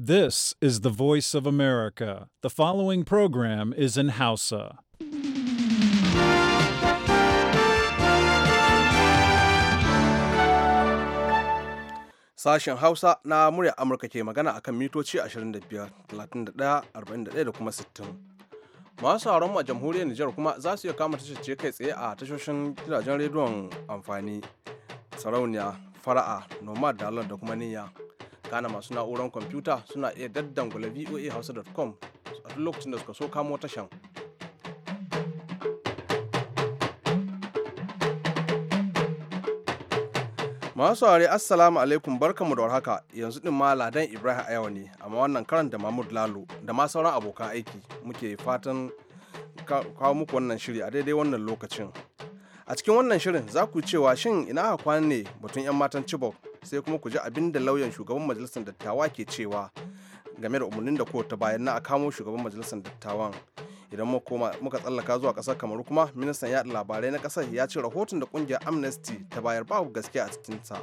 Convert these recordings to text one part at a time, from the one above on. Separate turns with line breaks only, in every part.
This is the voice of America. The following program is in Hausa.
Sashen Hausa na murya Amurka ke magana akan mitoci 25, 31, 41 da kuma 60. Masu sauran a jamhuriyar Nijar kuma za su iya kama tashar kai tsaye a tashoshin gidajen rediyon amfani, sarauniya, fara'a, nomad da da kuma niyya. kana masu na'urar kwamfuta suna iya daddan daddangula voa hausa.com a duk lokacin da suka so kamo tashan masu saurari assalamu alaikum barkamu da warhaka yanzu din ma ladan ibrahim ayawa ne amma wannan karan da mahmud lalo da ma sauran abokan aiki muke fatan kawo muku wannan shiri a daidai wannan lokacin a cikin wannan shirin za ku cewa shin ina aka ne batun 'yan matan chibok sai kuma ku ji abin da lauyan shugaban majalisar dattawa ke cewa game da umarnin da kowa ta bayan na a kamo shugaban majalisar dattawan idan muka tsallaka zuwa kasar kamaru kuma ministan yaɗa labarai na kasar ya ce rahoton da kungiyar amnesty ta bayar babu gaskiya a cikinsa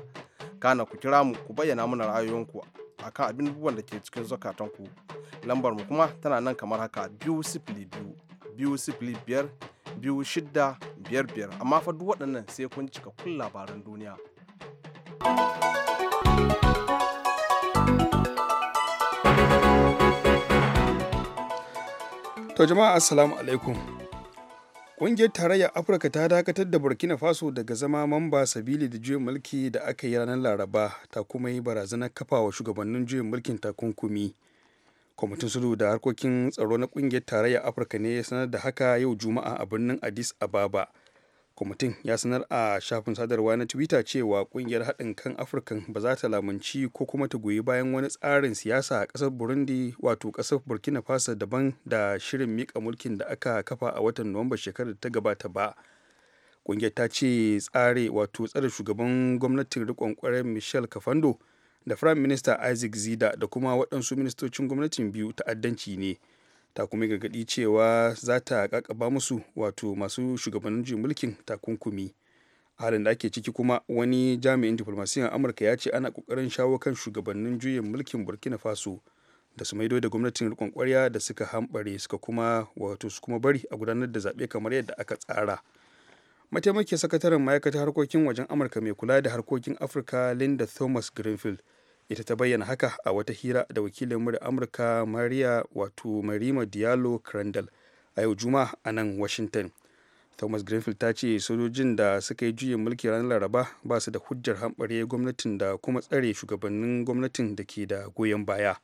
kana ku kira mu ku bayyana mana ra'ayoyinku akan abin abubuwan da ke cikin zakatanku lambar mu kuma tana nan kamar haka biyu sifili biyu biyu sifili biyar biyu shidda biyar biyar amma fa duk waɗannan sai kun cika kun labaran duniya
To jama'a assalamu alaikum. Ƙungiyar Tarayyar Afirka ta dakatar da Burkina Faso daga zama mamba sabili da juyin mulki da aka yi ranar Laraba ta kuma yi barazanar wa shugabannin juyin mulkin takunkumi. Kwamitin sulhu da harkokin tsaro na ƙungiyar Tarayyar Afirka ne ya sanar da haka yau Juma'a a birnin Addis Ababa. kwamitin ya sanar a shafin sadarwa na twitter cewa kungiyar haɗin kan afirkan ba za ta lamunci ko kuma ta goyi bayan wani tsarin siyasa a ƙasar burundi wato ƙasar burkina faso daban da shirin miƙa mulkin da aka kafa a watan nuwamba shekarar da ta gabata ba kungiyar ta ce tsare wato tsare shugaban gwamnatin riƙon kwarar michel kafando da firayim minista isaac zida da kuma waɗansu ministocin gwamnatin biyu ta'addanci ne ta kuma gargaɗi cewa za ta kakaba musu wato masu shugabannin juyin mulkin takunkumi halin da ake ciki kuma wani jami'in diplomasiyyar amurka ya ce ana kokarin shawo kan shugabannin juyin mulkin burkina faso da su maido da gwamnatin rikon kwarya da suka hambare suka kuma wato su kuma bari a gudanar da zaɓe kamar yadda aka tsara mataimakin sakataren ma'aikatar harkokin wajen amurka mai kula da harkokin afirka linda thomas greenfield ita ta bayyana haka a wata hira da wakilin murya amurka maria wato marima diallo crandall a yau juma a nan washington thomas greenfield ta ce sojojin da suka yi juyin mulki ranar laraba ba su da hujjar hamɓare gwamnatin da kuma tsare shugabannin gwamnatin da ke da goyon baya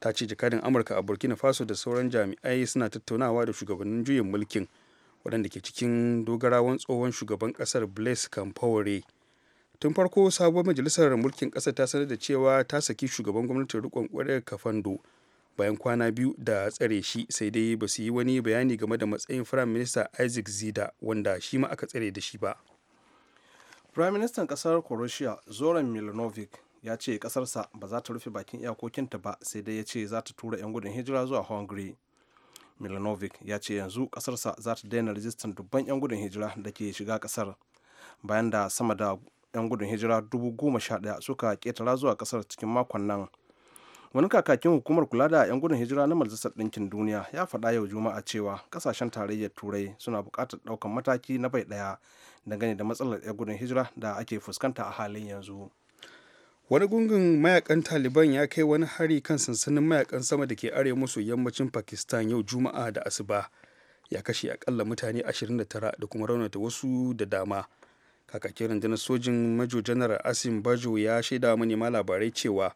ta ce jakadin amurka a burkina faso da sauran jami'ai suna tattaunawa da shugabannin juyin mulkin waɗanda ke cikin dogarawan tsohon shugaban ƙasar blaise campore tun farko sabuwar majalisar mulkin ƙasa ta sanar da cewa ta saki shugaban gwamnatin rikon kwarar kafando bayan kwana biyu da tsare shi sai dai ba su yi wani bayani game da matsayin firayim minista isaac zida wanda shi ma aka tsare da shi ba
firayim ministan ƙasar croatia zoran milanovic ya ce ƙasarsa ba za ta rufe bakin iyakokinta ba sai dai ya ce za ta tura 'yan gudun hijira zuwa hungary milanovic ya ce yanzu ƙasarsa za ta daina rajistan dubban 'yan gudun hijira da ke shiga ƙasar bayan da sama da 'yan gudun hijira dubu goma sha ɗaya suka ƙetara zuwa ƙasar cikin makon nan wani kakakin hukumar kula da 'yan gudun hijira na majalisar ɗinkin duniya ya faɗa yau juma'a cewa ƙasashen tarayyar turai suna bukatar ɗaukar mataki na bai ɗaya dangane da matsalar 'yan gudun hijira da
ake fuskanta a halin yanzu wani gungun mayakan taliban ya kai wani hari kan sansanin mayakan sama da ke arewa maso yammacin pakistan yau juma'a da asuba ya kashe akalla mutane 29 da kuma raunata wasu da dama kakakin rundunar sojin majo janar asim bajo ya shaida manema labarai cewa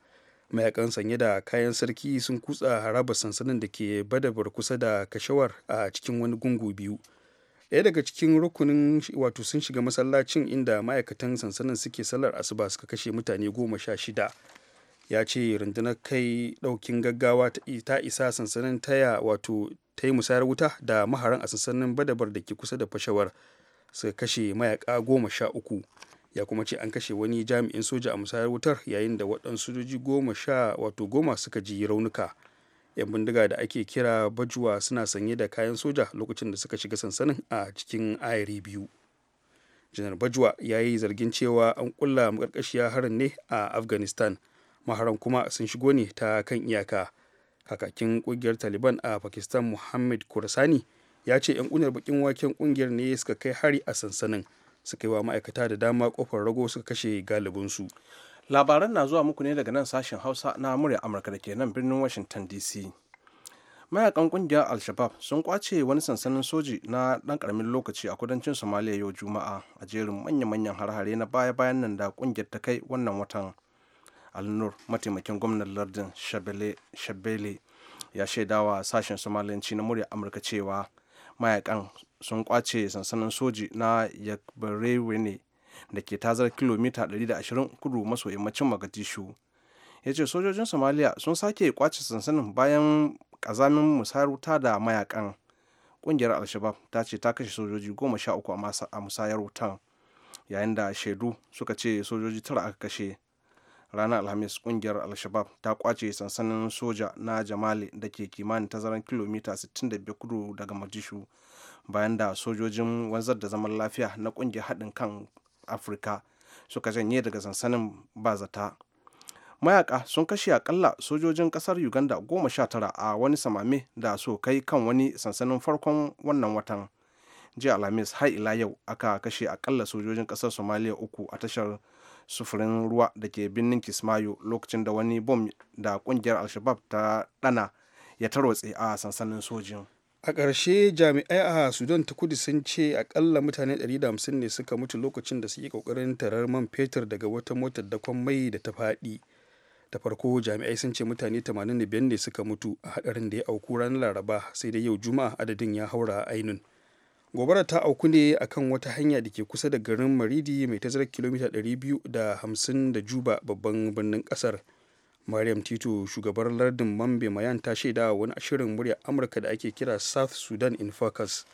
mayakan sanye da kayan sarki sun kutsa haraba sansanin da ke badabar kusa da kashawar a cikin wani gungu biyu ɗaya daga cikin rukunin wato sun shiga masallacin inda ma'aikatan sansanin suke sallar asuba suka kashe mutane goma sha shida ya ce rundunar kai ɗaukin gaggawa ta isa sansanin taya wato ta yi musayar wuta da maharan a sansanin badabar da ke kusa da fashawar suka kashe mayaka goma sha uku ya kuma ce an kashe wani jami'in soja a musayar wutar yayin da waɗansu sojoji goma sha wato goma suka ji raunuka yan bindiga da ake kira bajuwa suna sanye da kayan soja lokacin da suka shiga sansanin a cikin ayari biyu janar bajuwa ya yi zargin cewa an kulla makarkashiya harin ne a afghanistan maharan kuma sun shigo ne ta kan iyaka kakakin kungiyar taliban a pakistan muhammad kursani ya ce 'yan kunar bakin waken kungiyar ne suka kai hari a sansanin suka yi wa ma'aikata da dama kofar rago suka kashe galibinsu labaran na zuwa muku ne daga nan sashen hausa na murya amurka
da ke nan birnin washington dc mayakan kungiyar al-shabab sun kwace wani sansanin soji na dan karamin lokaci a kudancin somalia yau juma'a a jerin manya-manyan har-hare na baya-bayan nan da kungiyar ta kai wannan watan al-nur mataimakin gwamnan lardin shabele ya shaidawa sashen somaliyanci na murya amurka cewa mayakan sun kwace sansanin soji na yakbarewene da ke tazar kilomita 120 kudu maso yammacin magadishu ya ce sojojin somaliya sun sake kwace sansanin bayan kazamin wuta da mayakan kungiyar alshabab ta ce ta kashe sojoji goma sha uku a musayar wutan yayin da shaidu suka ce sojoji tara aka kashe ranar alhamis kungiyar alshabab ta kwace sansanin soja na jamali da ke kimanin tazaran kilomita 65 kudu daga majishu bayan da sojojin wanzar da zaman lafiya na kungiyar haɗin kan afirka suka janye daga sansanin ba zata mayaka sun kashe akalla sojojin kasar uganda goma sha tara a wani samame da so kai kan wani sansanin farkon wannan watan jiya alhamis har ila yau aka kashe akalla sojojin kasar somaliya uku a tashar sufurin ruwa da ke birnin kismayo lokacin da wani bom da kungiyar alshabab ta dana ya tarwatse a sansanin sojin
a ƙarshe jami'ai a sudan ta kudu sun ce akalla mutane 150 ne suka mutu lokacin da suke ƙoƙarin tarar man fetur daga wata motar dakon mai da ta faɗi da farko jami'ai sun ce mutane 85 ne suka mutu a haɗarin da ya auku ranar laraba sai da yau juma'a adadin ya haura ainun gobarar ta auku ne kan wata hanya da ke kusa da garin maridi mai tazarar kilomita 250 da juba babban birnin kasar mariam tito shugabar lardin mambe mayan ta shaida wani shirin murya amurka da ake kira south sudan in focus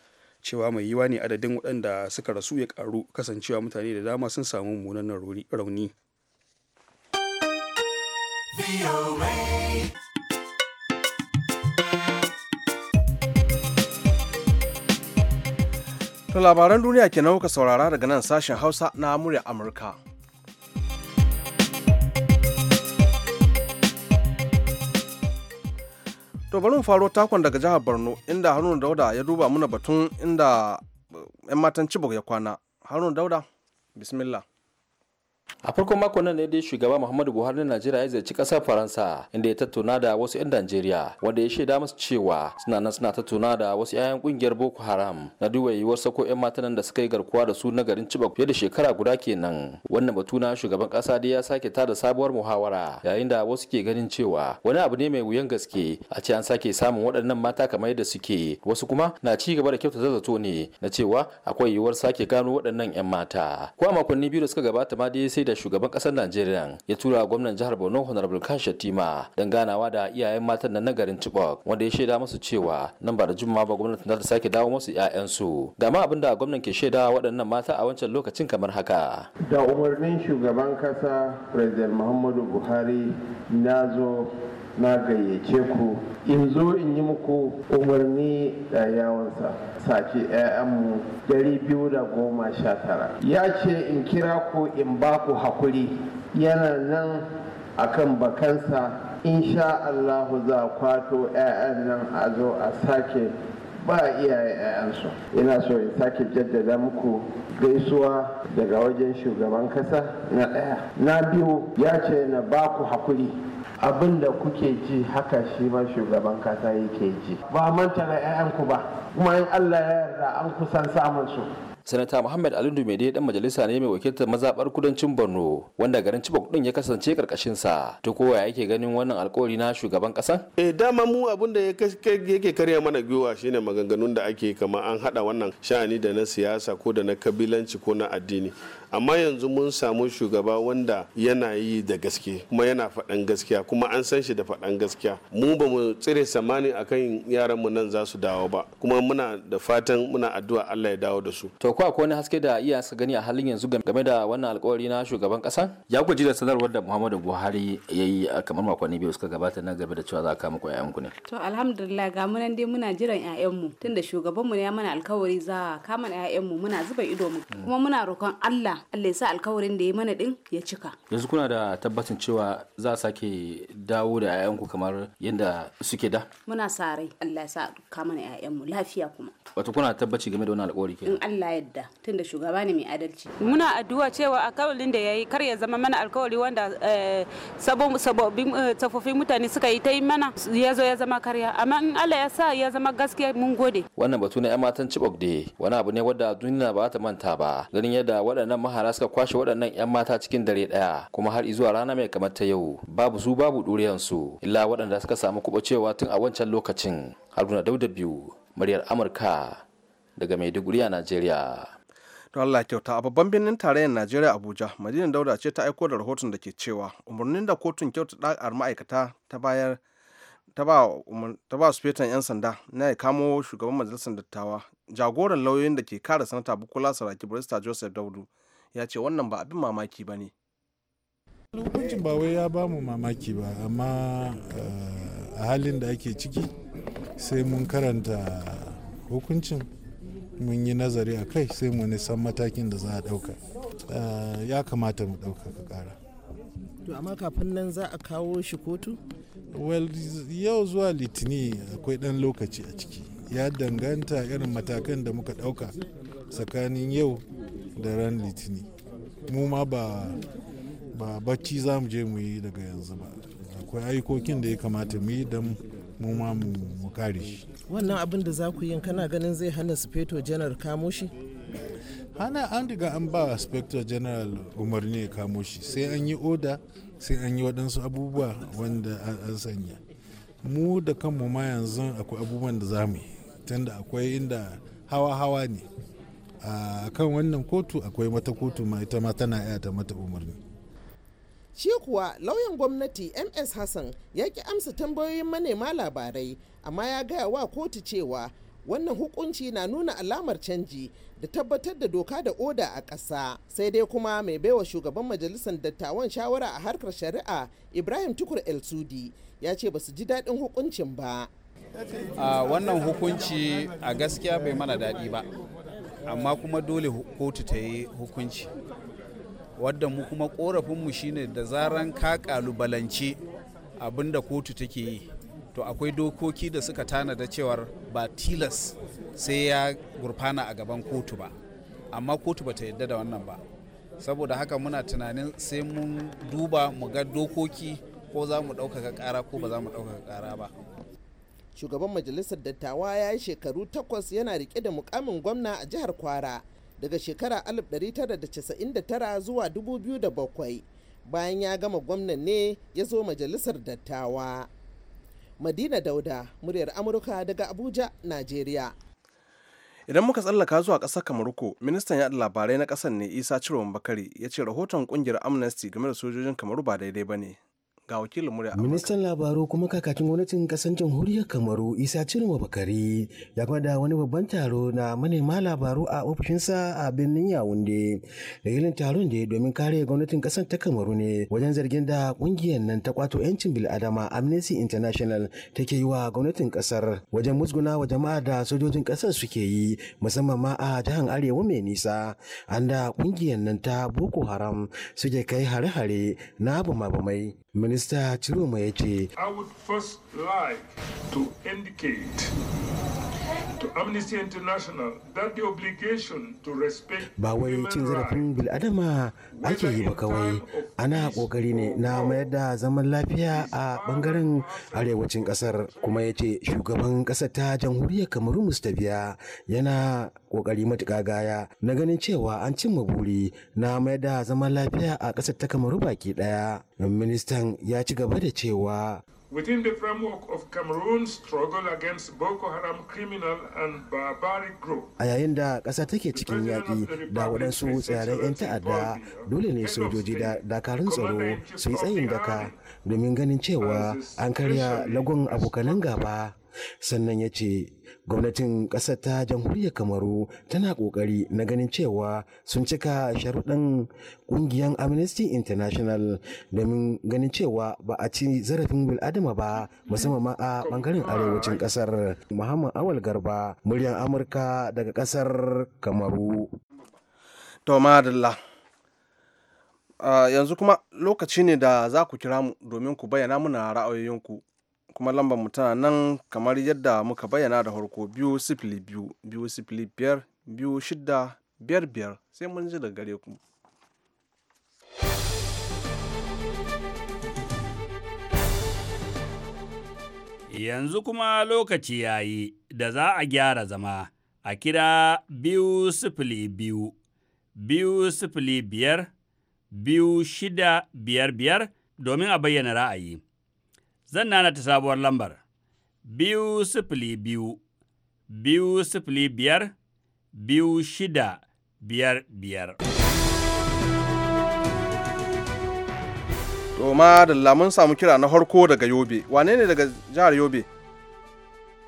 cewa mai yiwa ne adadin waɗanda suka rasu ya karu kasancewa mutane da dama sun samu munanan rauni
To labaran duniya kenan kuka saurara daga nan sashen Hausa na murya Amurka. To bari mu faro takon daga jihar Borno inda Haruna Dauda ya duba mana batun inda eh, 'yan matan Chibok ya kwana. Haruna Dauda, bismillah.
a farkon mako nan ne dai shugaba muhammadu buhari na najeriya ya ziyarci kasar faransa inda ya tattauna da wasu 'yan najeriya wanda ya shaida musu cewa suna nan suna tattauna da wasu 'ya'yan kungiyar boko haram na duba yiwuwar sako 'yan matan da suka yi garkuwa da su na garin cibak fiye da shekara guda kenan wannan batu na shugaban kasa dai ya sake tada sabuwar muhawara yayin da wasu ke ganin cewa wani abu ne mai wuyan gaske a ce an sake samun waɗannan mata kamar yadda suke wasu kuma na ci gaba da kyautata zato ne na cewa akwai yiwuwar sake gano waɗannan 'yan mata ko makonni biyu da suka gabata ma dai sai da shugaban kasar Najeriya ya tura gwamnan jihar Borno Honorable Kan Shatima don ganawa da iyayen matan nan na garin Chibok wanda ya shaida musu cewa nan ba da juma ba gwamnatin za ta sake dawo musu su Ga ma abinda gwamnan ke shaida waɗannan mata a wancan lokacin kamar haka.
Da umarnin shugaban kasa President Muhammadu Buhari na zo na gayyace ku in zo in yi muku umarni da yawansa sace 'ya'yanmu biyu da goma sha tara ya ce in kira ku in ba ku hakuri yana nan a kan bakansa insha Allahu za kwato 'ya'yan nan a zo a sake ba iyaye 'ya'yansu ina so in sake jaddada muku gaisuwa daga wajen shugaban kasa na ɗaya na biyu ya ce na ba ku hakuri abin da kuke ji haka shi ma shugaban kasa yake ji ba manta da 'ya'yanku ba kuma in allah ya yarda an kusan samun su
sanata muhammad ali dumede dan majalisa ne mai wakiltar mazabar kudancin borno wanda garin chibok din ya kasance karkashin sa to kowa yake ganin wannan alkawari na
shugaban kasa eh dama mu abin da yake karya mana gwiwa shine maganganun da ake kama an hada wannan sha'ani da na siyasa ko da na kabilanci ko na addini amma yanzu mun samu shugaba wanda yana yi da gaske kuma yana faɗan gaskiya kuma an san shi da faɗan gaskiya mu ba mu tsire samani akan yaran mu nan za su dawo ba kuma muna da
fatan muna addu'a Allah ya dawo da su to ko akwai wani haske da iya su gani a halin yanzu game da wannan alkawari na shugaban kasa ya guji da sanarwar da muhammadu buhari ya yi kamar makonni biyu suka gabata na gaba da cewa za a kama ku ne
to alhamdulillah ga mu nan dai muna jiran mu tunda shugaban mu ya mana alkawari za a kama mu muna zuba ido mu hmm. kuma muna roƙon Allah Allah ya sa alkawarin da ya mana din ya cika
yanzu kuna da tabbacin cewa za a sake dawo da ku kamar yadda suke da
muna sa rai Allah ya sa kama mu lafiya kuma
wato kuna tabbaci game da wannan alkawari kenan in Allah
ya yadda tunda shugaba ne mai adalci
muna addu'a cewa alkawalin da ya yi kar ya zama mana alkawali wanda eh, sabobin eh, mutane suka yi ta yi mana ya zo ya zama karya amma in Allah ya sa ya zama gaskiya mun gode wannan batu na 'yan matan Chibok dai wani abu ne wanda duniya ba ta manta ba ganin yadda waɗannan mahara suka kwashe waɗannan 'yan mata cikin dare ɗaya kuma har izuwa rana mai kamar ta yau babu su babu ɗuriyansu illa waɗanda suka samu kuɓacewa tun a wancan lokacin haruna dauda biyu muryar amurka daga Maiduguri a Najeriya.
To Allah kyauta a babban birnin tarayyar Najeriya Abuja, Madina Dauda ce ta aiko da rahoton da ke cewa umarnin da kotun kyauta ar ma'aikata ta bayar ta ba su fetan 'yan sanda na ya kamo shugaban majalisar dattawa jagoran lauyoyin da ke kare sanata bukola saraki barista joseph daudu ya ce wannan ba abin mamaki ba ne
hukuncin ba wai ya ba mu mamaki ba amma eh, a halin da ake ciki sai mun karanta hukuncin mun yi nazari a kai sai mu nisan matakin da za a ɗauka eh, ya kamata mu ka ƙara
to amma kafin nan za a kawo shi kotu
well yau zuwa litini akwai ɗan lokaci a ciki ya danganta irin matakan da muka ɗauka tsakanin yau da ran litini mu ma ba ba bacci za mu je mu yi daga yanzu ba akwai aikokin da ya kamata mu yi don mu ma mu kare shi
wannan abin da za ku yi kana ganin zai hana speto janar kamo shi
hana an riga an ba speto general umarni ya kamo shi sai an yi oda sai an yi waɗansu abubuwa wanda an sanya mu da kanmu ma yanzu akwai abubuwan da za mu yi tunda akwai inda hawa-hawa ne a kan wannan kotu akwai mata kotu ma ita ma tana yata mata umarni
Shi kuwa lauyan gwamnati MS Hassan ya ki amsa tambayoyin manema labarai, amma ya gaya wa kotu cewa wannan hukunci na nuna alamar canji da tabbatar da doka da oda a ƙasa sai dai kuma mai baiwa shugaban majalisar dattawan shawara a harkar shari'a ibrahim tukur el sudi ya ce ba su ji daɗin hukuncin ba wannan hukunci a gaskiya bai mana daɗi ba amma kuma dole kotu ta yi hukunci wadda mu kuma korafinmu shine da zaran ka kalubalance abinda kotu take yi to akwai dokoki da suka tanada cewar ba tilas sai ya gurfana a gaban kotu ba amma kotu ba ta yadda da wannan ba saboda haka muna tunanin sai mun duba mu ga dokoki ko za mu ɗaukaka ƙara ko ba za mu ɗaukaka ƙara ba shugaban majalisar dattawa ya yi shekaru takwas yana rike da mukamin gwamna a jihar kwara daga shekara 1999 zuwa 2007 bayan ya gama gwamnan ne ya zo majalisar dattawa madina dauda muryar amurka daga abuja najeriya
idan muka tsallaka zuwa ƙasar kamaruko ministan yaɗa labarai na ƙasar ne isa Ciro bakari ya ce rahoton ƙungiyar amnesty game da sojojin kamaru ba daidai ba ne ga wakilin murya
ministan labaru kuma kakakin gwamnatin kasan jamhuriyar kamaru isa cirma bakari ya gwada wani babban taro na manema labaru a ofishinsa a birnin yawunde dalilin taron da domin kare gwamnatin kasan ta kamaru ne wajen zargin da kungiyar nan ta kwato yancin bil'adama amnesty international take yi wa gwamnatin kasar wajen musguna wa jama'a da sojojin kasar suke yi musamman ma a jihar arewa mai nisa an da kungiyar nan ta boko haram suke kai hare-hare na bama-bamai minista Chiroma ya ce.
I would first like to indicate ba wai cin zarafin
bil'adama ake yi ba kawai ana kokari ne na mayar da zaman lafiya a bangaren arewacin kasar kuma ya ce shugaban kasar ta jamhuriyar kamaru mustabiya yana kokari matuka gaya na ganin cewa an cimma buri na mayar da zaman lafiya a kasar ta kamaru baki daya ministan ya ci gaba da cewa
within the framework of Cameroon's struggle against Boko Haram criminal and barbaric group.
A yayin da ƙasa take cikin yaƙi da waɗansu tsirarin 'yan ta'adda dole ne sojoji da dakarun tsaro su yi tsayin daka domin ganin cewa an karya lagun abokanan gaba sannan ya ce gwamnatin ƙasar ta jamhuriyar kamaru tana ƙoƙari na ganin cewa sun cika sharuɗan ƙungiyar amnesty international domin ganin cewa ba a ci zarafin bil'adama ba musamman ma a ɓangaren arewacin ƙasar muhammad awal garba muryar amurka daga ƙasar kamaru
Uh, yanzu kuma lokaci ne da za ku kira mu domin ku bayyana muna ra'ayoyinku kuma lambar mu nan kamar yadda muka bayyana da harko biyu sifili biyu biyu sifili biyar biyu shida biyar biyar sai mun ji daga gare ku.
Yanzu kuma lokaci ya yi da za a gyara zama a kira biyu sifili biyu, biyu sifili biyar, biyu shida biyar biyar domin a bayyana ra'ayi. Zan nana ta sabuwar lambar biyu sifili biyu, biyu sifili biyar, biyu shida biyar biyar.
To ma da mun samu kira na harko daga Yobe, wane ne daga jihar Yobe?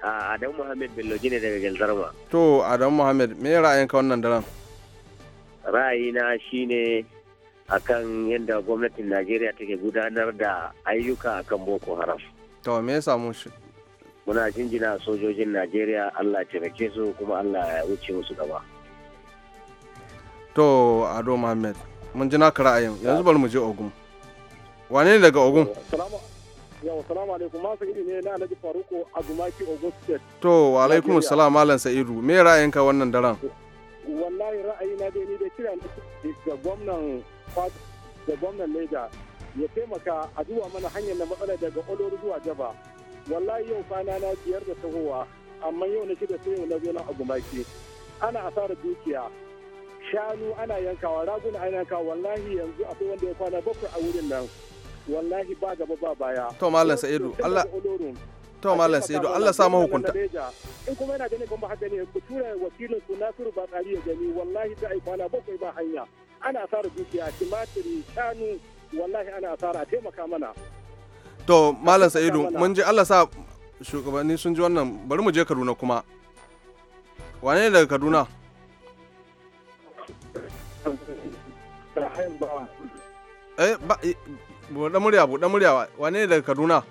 Adam Muhammad Bello ne daga Gelzarma.
To Adam Muhammad, me ra'ayinka wannan daren?
Ra'ayina shine akan yadda gwamnatin najeriya take gudanar da ayyuka akan boko haram
to me ya samu shi
muna jinjina sojojin najeriya allah taimake su kuma allah ya wuce musu gaba
to ado mohammed mun ji naka ra'ayin yanzu bari mu je ogun wane ne daga ogun
yau salamu alaikum masu iri ne na alhaji faruko agumaki ogun state
to wa alaikum salam malam sa'idu me ra'ayinka wannan daren
wallahi ra'ayi na dai ni da kiran da gwamnan da gwamnan Leda ya taimaka a zuwa mana hanyar na matsala daga olor zuwa jaba wallahi yau kwana na biyar da tahowa amma yau na shida sai yau na zo na a gumaki ana asarar dukiya shanu ana yankawa raguna ana yankawa wallahi yanzu akwai wanda ya kwana bakwai a wurin nan wallahi ba gaba ba baya to mallam sa'idu Allah
to mallam sa'idu Allah sa hukunta.
in kuma yana ganin kuma haka ne ku tura wakilin su Nasiru ba tsari ya gani wallahi a ai kwana bakwai ba hanya ana asara dukiya timatiri shanu wallahi ana asara a taimaka mana
to malam sa'idu mun ji allah sa shugabanni sun ji wannan bari mu je kaduna kuma wane ne daga kaduna eh ba buɗe murya buɗe murya wane ne daga kaduna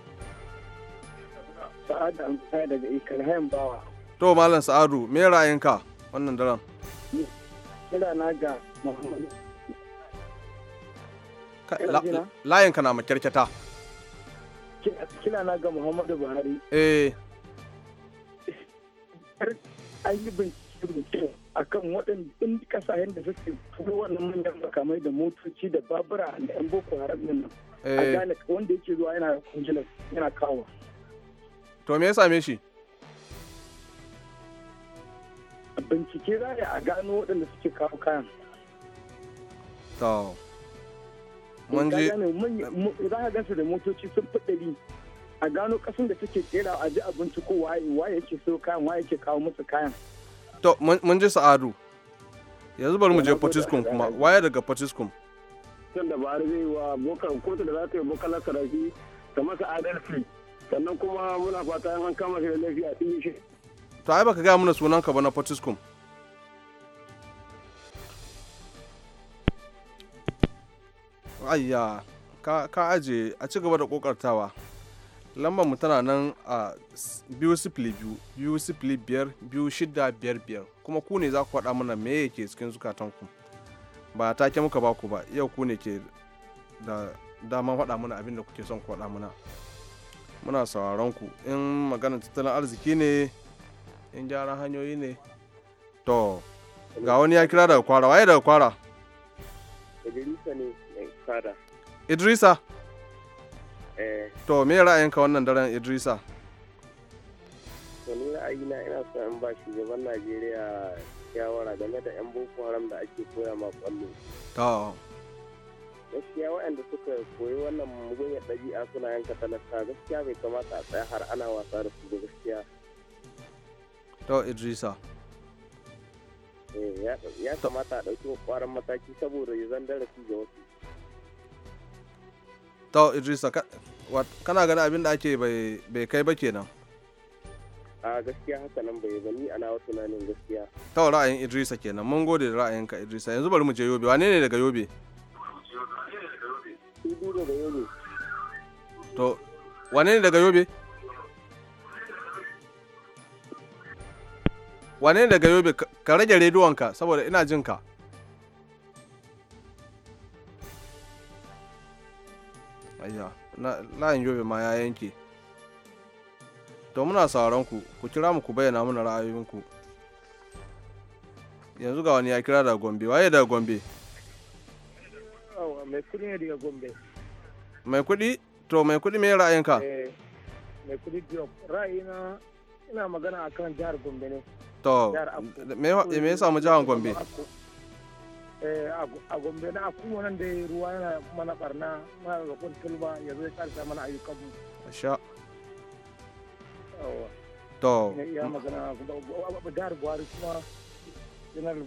sa'adu amsa daga ikar bawa
to malam sa'adu me ra'ayinka wannan daren
kira ga Muhammadu.
Layin ka na makyarkyata.
Kira na ga Muhammadu Buhari. Eh. An yi bincike a kan waɗanda ƙasashen da suke turo wannan manyan makamai da motoci da babura da 'yan boko haram nan. A eh. gane wanda yake zuwa yana kungilar yana kawo.
To me ya same shi? bincike za a a gano waɗanda suke kawo kayan
to mun ji
za a gansu da motoci sun fi a gano ƙasan da take kera a ji a binciko waye waye yake so kayan waye yake kawo musu kayan
to mun ji sa'adu yanzu bari mu je Potiskum kuma waye daga Potiskum.
sun da bari zai wa bokar kotu da za ta yi bokalar karafi ta masa adalci sannan kuma muna fata an kama shi da laifi a cikin shi
to ai baka gaya mana sunanka ba na potiskum ayya ka, ka aje a ci gaba da kokartawa lambar mu tana nan a biyu sifili biyu biyu sifili biyar biyu shida biyar biyar kuma ku ne za ku faɗa mana me yake cikin ku ba take muka ba ku ba yau ku ne ke da dama faɗa mana abin da kuke son ku faɗa mana muna sauraron ku in maganar tattalin arziki ne in gyara hanyoyi ne to ga wani ya kira daga kwara waye daga kwara
idrisa ne eh, kwara idrisa eh
to me ra'ayinka wannan daren idrisa
wani ra'ayi na ina son in ba shugaban najeriya shawara game da yan boko haram da ake koya ma kwallo to gaskiya waɗanda suka koyi wannan mugun ya ɗabi'a suna yanka talaka gaskiya bai kamata a tsaya har ana wasa da su gaskiya
to idrisa
eh, ya kamata a ɗauki kwaran mataki saboda ya zan darasi ga wasu
to idrisa kana gani abin da ake bai kai ba kenan
a gaskiya haka nan bai bani ana wasu nanin gaskiya
ta ra'ayin idrisa kenan mun gode da ra'ayin ka idrisa yanzu bari mu je yobe wane ne daga yobe to wane ne daga yobe wane daga yobe ka rage rediyonka saboda ina jin ka ayya layin yobe ma ya yanke to muna sauran ku ku kira mu ku bayyana muna ra'ayoyinku yanzu ga wani ya kira daga gombe waye daga gombe
mai kudi ne daga gombe
mai kudi to mai kudi me ra'ayinka eh,
mai kudi ra'ayina ina magana akan jihar gombe ne
to me ya samu jihar gombe
eh, a gombe na akuma wannan da ruwa yana mana barna mana roƙon tulba ya karsa mana ayyukan mu
sha to buhari kuma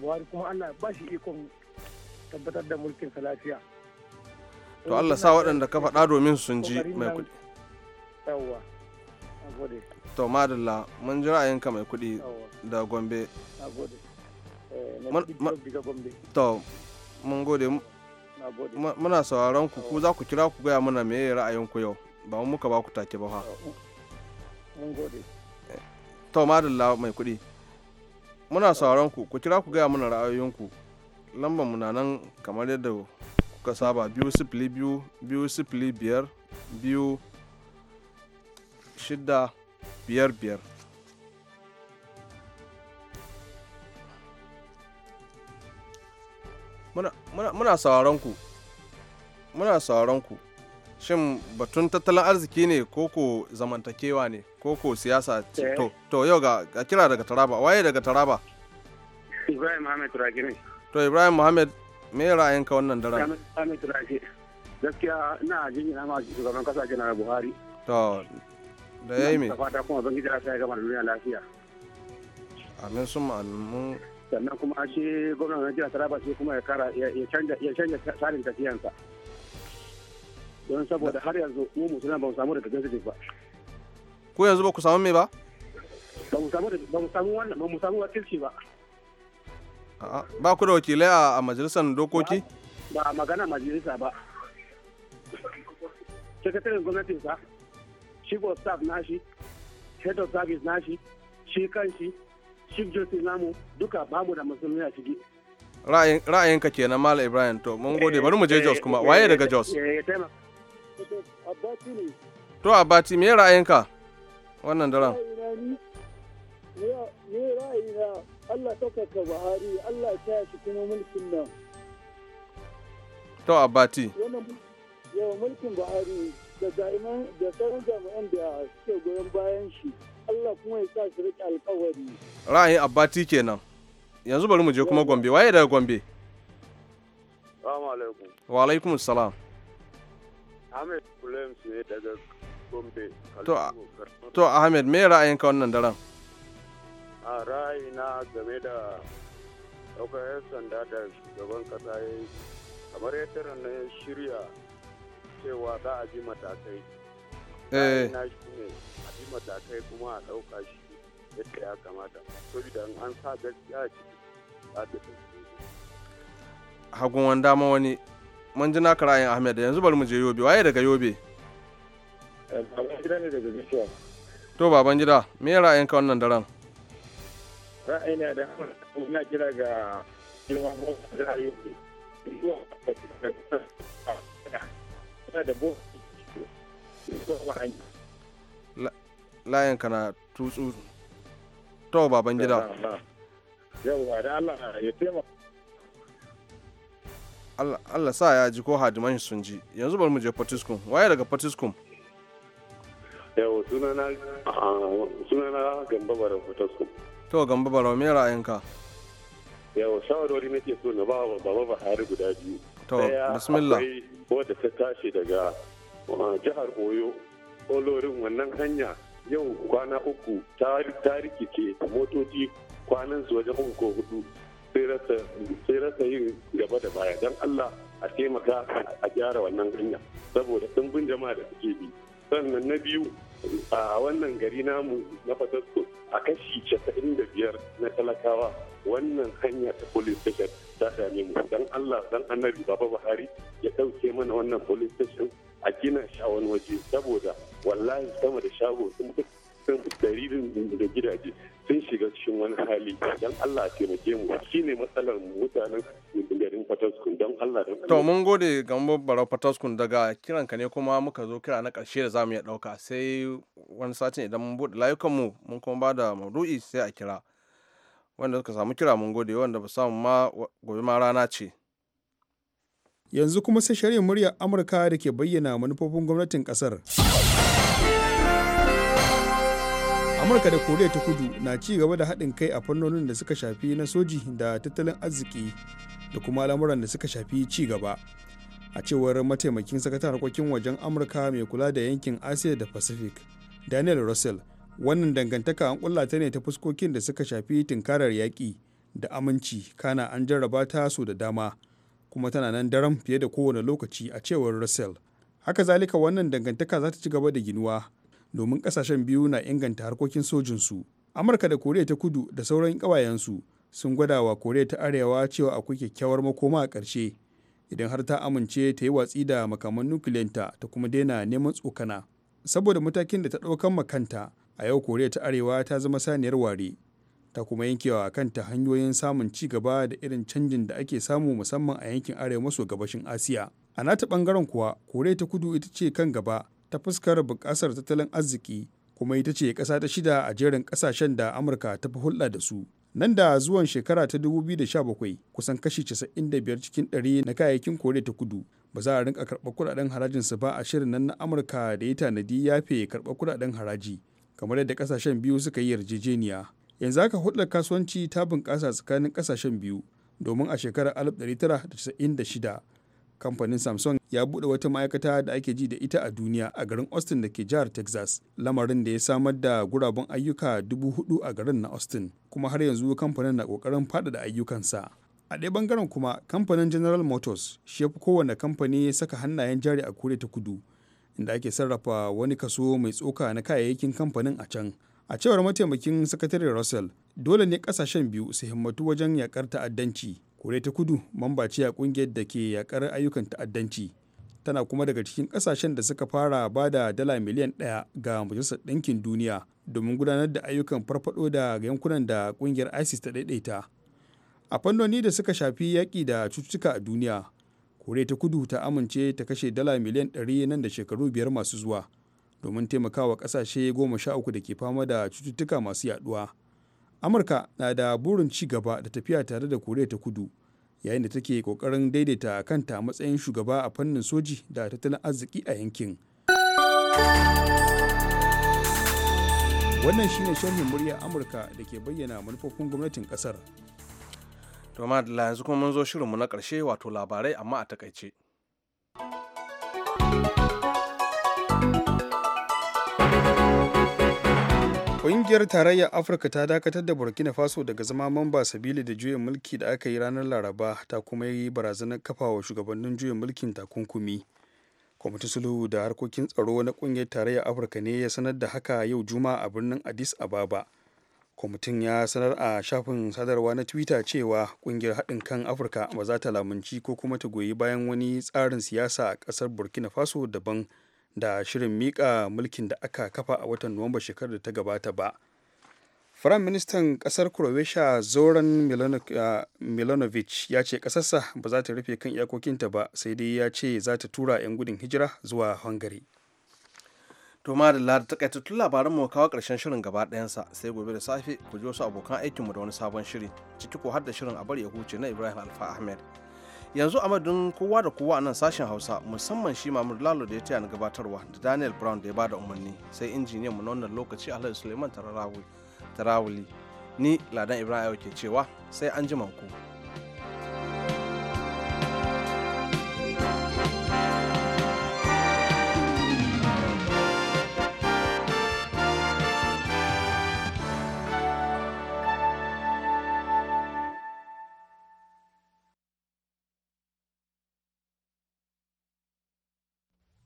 buhari allah ba shi ikon tabbatar da mulkin sa
to allah sa waɗanda ka faɗa domin sun ji mai kuɗi to madalla mun ji ra'ayinka mai kuɗi da eh, gombe to mun gode muna sauraron ku ku za ku kira ku gaya mana me ra'ayinku yau ba mu muka ba ku take ba fa to madalla mai kuɗi muna sauraron ku ku kira ku gaya mana ra'ayinku lambar mu na nan kamar yadda kuka saba biyu sifili biyu biyu sifili biyar biyu shida biyar biyar muna sauraron ku muna sauraron ku shin batun tattalin arziki ne ko ko zamantakewa ne ko ko siyasa eh. to to yau ga kira daga taraba waye daga taraba
ibrahim mohamed turaki ne
to ibrahim muhammad me ra'ayinka wannan daren
gaskiya ina jin ina ma shugaban kasa janar buhari
to da ya yi mai
gama
amin sun ma'amin
sannan ya kara ya canja tsarin don saboda har yanzu mu musulman ba mu samu daga gansu ba
ko yanzu ba ku samu me ba
ba mu samu wakilci ba
ba ku da wakilai a majalisar dokoki
ba magana majalisa ba sakataren gwamnatin sa chief of staff nashi head of service nashi shi kanshi chief justice namu duka babu da musulmi a ciki
ra'ayinka kenan mala ibrahim to mun gode bari mu je jos kuma waye daga jos eh, eh, to abati me ka wannan daren
ne ra'ayina Allah ɗaukaka Buhari Allah ta shi kuma mulkin nan
to abati
Yau mulkin Buhari da jami'an da sauran jami'an da suke goyon bayan shi Allah kuma ya sa shi rike alkawari
rahi abati kenan yanzu bari mu je kuma gombe waye daga gombe
salamu alaikum
wa alaikum salam
ahmed kulayim ne daga gombe to to
ahmed me ra'ayinka wannan daren
a ra'ayi na game da ɗaukar sanda da shugaban kasa ya yi kamar yadda na shirya cewa za a ji matakai eh. na shi ne a ji matakai kuma a ɗauka shi yadda ya kamata saboda in an sa gaskiya a ciki za
ta hagun wanda ma wani mun ji naka ra'ayin ahmed yanzu bari mu je yobe waye daga yobe eh, to baban gida me ya ra'ayin ka wannan daren
ra'ayi ne da ina kira ga girman gwamnati da yobe
layan ka na tutsu to baban gida Allah sa ya ji ko hadiman sun ji yanzu bari mu je Patiskum waye daga Patiskum
yau sunana sunana gamba barau Patiskum
to gamba barau me ra'ayinka
yau shawarwari nake so na ba wa baba Buhari guda biyu
to bismillah
wadda ta tashi daga uh, jihar oyo olorin wannan hanya yau kwana uku ta rikice motoci kwanan su wajen uku ko hudu sai rasa yin gaba da baya don allah a taimaka a gyara wannan hanya saboda ɗimbin jama'a da suke bi sannan na biyu a wannan gari namu na fatasko a kashi 95 na talakawa wannan hanya ta police station ta dame mu dan Allah dan annabi baba Buhari ya dauke mana wannan police station a gina shi a wani waje saboda wallahi sama da shago sun sun daririn da gidaje sun shiga cikin wani hali dan Allah ya taimake mu shine matsalar mu mutanen garin Fataskun dan Allah dan To mun
gode gambo barau Fataskun daga kiran ka ne kuma muka zo kira na karshe da zamu iya dauka sai wani satin idan mun bude layukan mu mun kuma bada maudu'i sai a kira wanda suka samu kira mun gode wanda ba samu ma gobe ma rana ce
yanzu kuma sai shari'ar muryar amurka da ke bayyana manufofin gwamnatin kasar amurka da koriya ta kudu na ci gaba da haɗin kai a fannonin da suka shafi na soji da tattalin arziki da kuma lamuran da suka shafi ci gaba a cewar mataimakin sakatar harkokin wajen amurka mai kula da yankin asiya da pacific daniel russell wannan dangantaka an kulla ta ne ta fuskokin da suka shafi tinkarar yaƙi da aminci kana an jarraba ta su da dama kuma tana nan daram fiye da kowane lokaci a cewar russell haka zalika wannan dangantaka za ta ci gaba da ginuwa domin kasashen biyu na inganta harkokin sojinsu amurka da koriya ta kudu da sauran ƙawayensu sun gwada wa koriya ta arewa cewa akwai kyakkyawar makoma a ƙarshe idan har ta amince ta yi watsi da makaman nukiliyanta ta kuma daina neman tsokana saboda matakin da ta ɗaukan makanta a yau koriya ta arewa ta zama saniyar ware ta kuma yankewa a kanta hanyoyin samun ci gaba da irin canjin da ake samu musamman a yankin arewa maso gabashin asiya a nata bangaren kuwa koriya ta kudu ita ce kan gaba ta fuskar bukasar tattalin arziki kuma ita ce ƙasa ta shida a jerin kasashen da amurka ta fi hulɗa da su nan da zuwan shekara ta 2017 kusan kashi 95 cikin ɗari na kayayyakin koriya ta kudu ba za a rinka karɓar kuɗaɗen harajinsu ba a shirin nan na amurka da ya tanadi yafe karɓar kuɗaɗen haraji kamar yadda kasashen biyu suka yi yarjejeniya yanzu haka hulɗar kasuwanci ta bunƙasa tsakanin kasashen biyu domin a shekarar 1996 kamfanin samsung ya buɗe wata ma'aikata da ake ji da ita a duniya a garin austin da ke jihar texas lamarin da ya samar da guraben ayyuka dubu hudu a garin na austin kuma har yanzu kamfanin na ƙoƙarin faɗaɗa ayyukansa a ɗaya bangaren kuma kamfanin general motors shi ya fi kowane kamfani saka hannayen jari a kure ta kudu inda ake sarrafa wani kaso mai tsoka na kayayyakin kamfanin a can a cewar mataimakin sakatare russell dole ne kasashen biyu su himmatu wajen yakar ta'addanci kore ta kudu mamba ce a kungiyar da ke yakar ayyukan ta'addanci tana kuma daga cikin kasashen da suka fara ba da dala miliyan ɗaya ga majalisar ɗinkin duniya domin gudanar da ayyukan farfaɗo da yankunan da kungiyar isis ta daidaita a fannoni da suka shafi yaƙi da cututtuka a duniya koriya ta kudu ta amince ta kashe dala miliyan 100 nan da shekaru biyar masu zuwa domin taimakawa kasashe goma sha uku da ke fama da cututtuka masu yaduwa amurka na da burin ci gaba da tafiya tare da koriya ta kudu yayin da take kokarin daidaita kanta a matsayin shugaba a fannin soji da tattalin arziki a yankin wannan shine sharhin murya amurka da ke bayyana manufofin gwamnatin kasar
To madalla yanzu kuma mun zo shirinmu na ƙarshe wato labarai amma a takaice.
Ƙungiyar Tarayyar Afirka ta dakatar da Burkina Faso daga zama mamba sabili da juyin mulki da aka yi ranar Laraba ta kuma yi barazanar kafawa shugabannin juyin mulkin takunkumi. Kwamitin Sulhu da harkokin tsaro na ƙungiyar Tarayyar Afirka ne ya sanar da haka yau Juma'a a birnin Addis Ababa. kwamitin ya sanar a shafin sadarwa na twitter cewa kungiyar haɗin kan afirka ba za ta lamunci ko kuma ta goyi bayan wani tsarin siyasa a ƙasar burkina faso daban da shirin miƙa mulkin da aka kafa a watan nuwamba shekarar da ta gabata ba firayim ministan ƙasar croatia zoran milanovic ya ce ƙasarsa ba za ta rufe kan iyakokinta ba sai dai ya ce za ta tura 'yan gudun hijira zuwa hungary To ma da ladar tun labarin mu
kawo karshen shirin gaba sa sai gobe da safe ku ji wasu abokan aikinmu da wani sabon shiri ciki ko har da shirin a bari ya huce na Ibrahim Alfa Ahmed. Yanzu a madadin kowa da kowa a nan sashen Hausa musamman shi ma Lalo da ya taya ni gabatarwa da Daniel Brown da ya bada umarni sai injiniyan mu na wannan lokaci Alhaji Suleiman Tarawuli. Ni Ladan Ibrahim ke cewa sai an ku.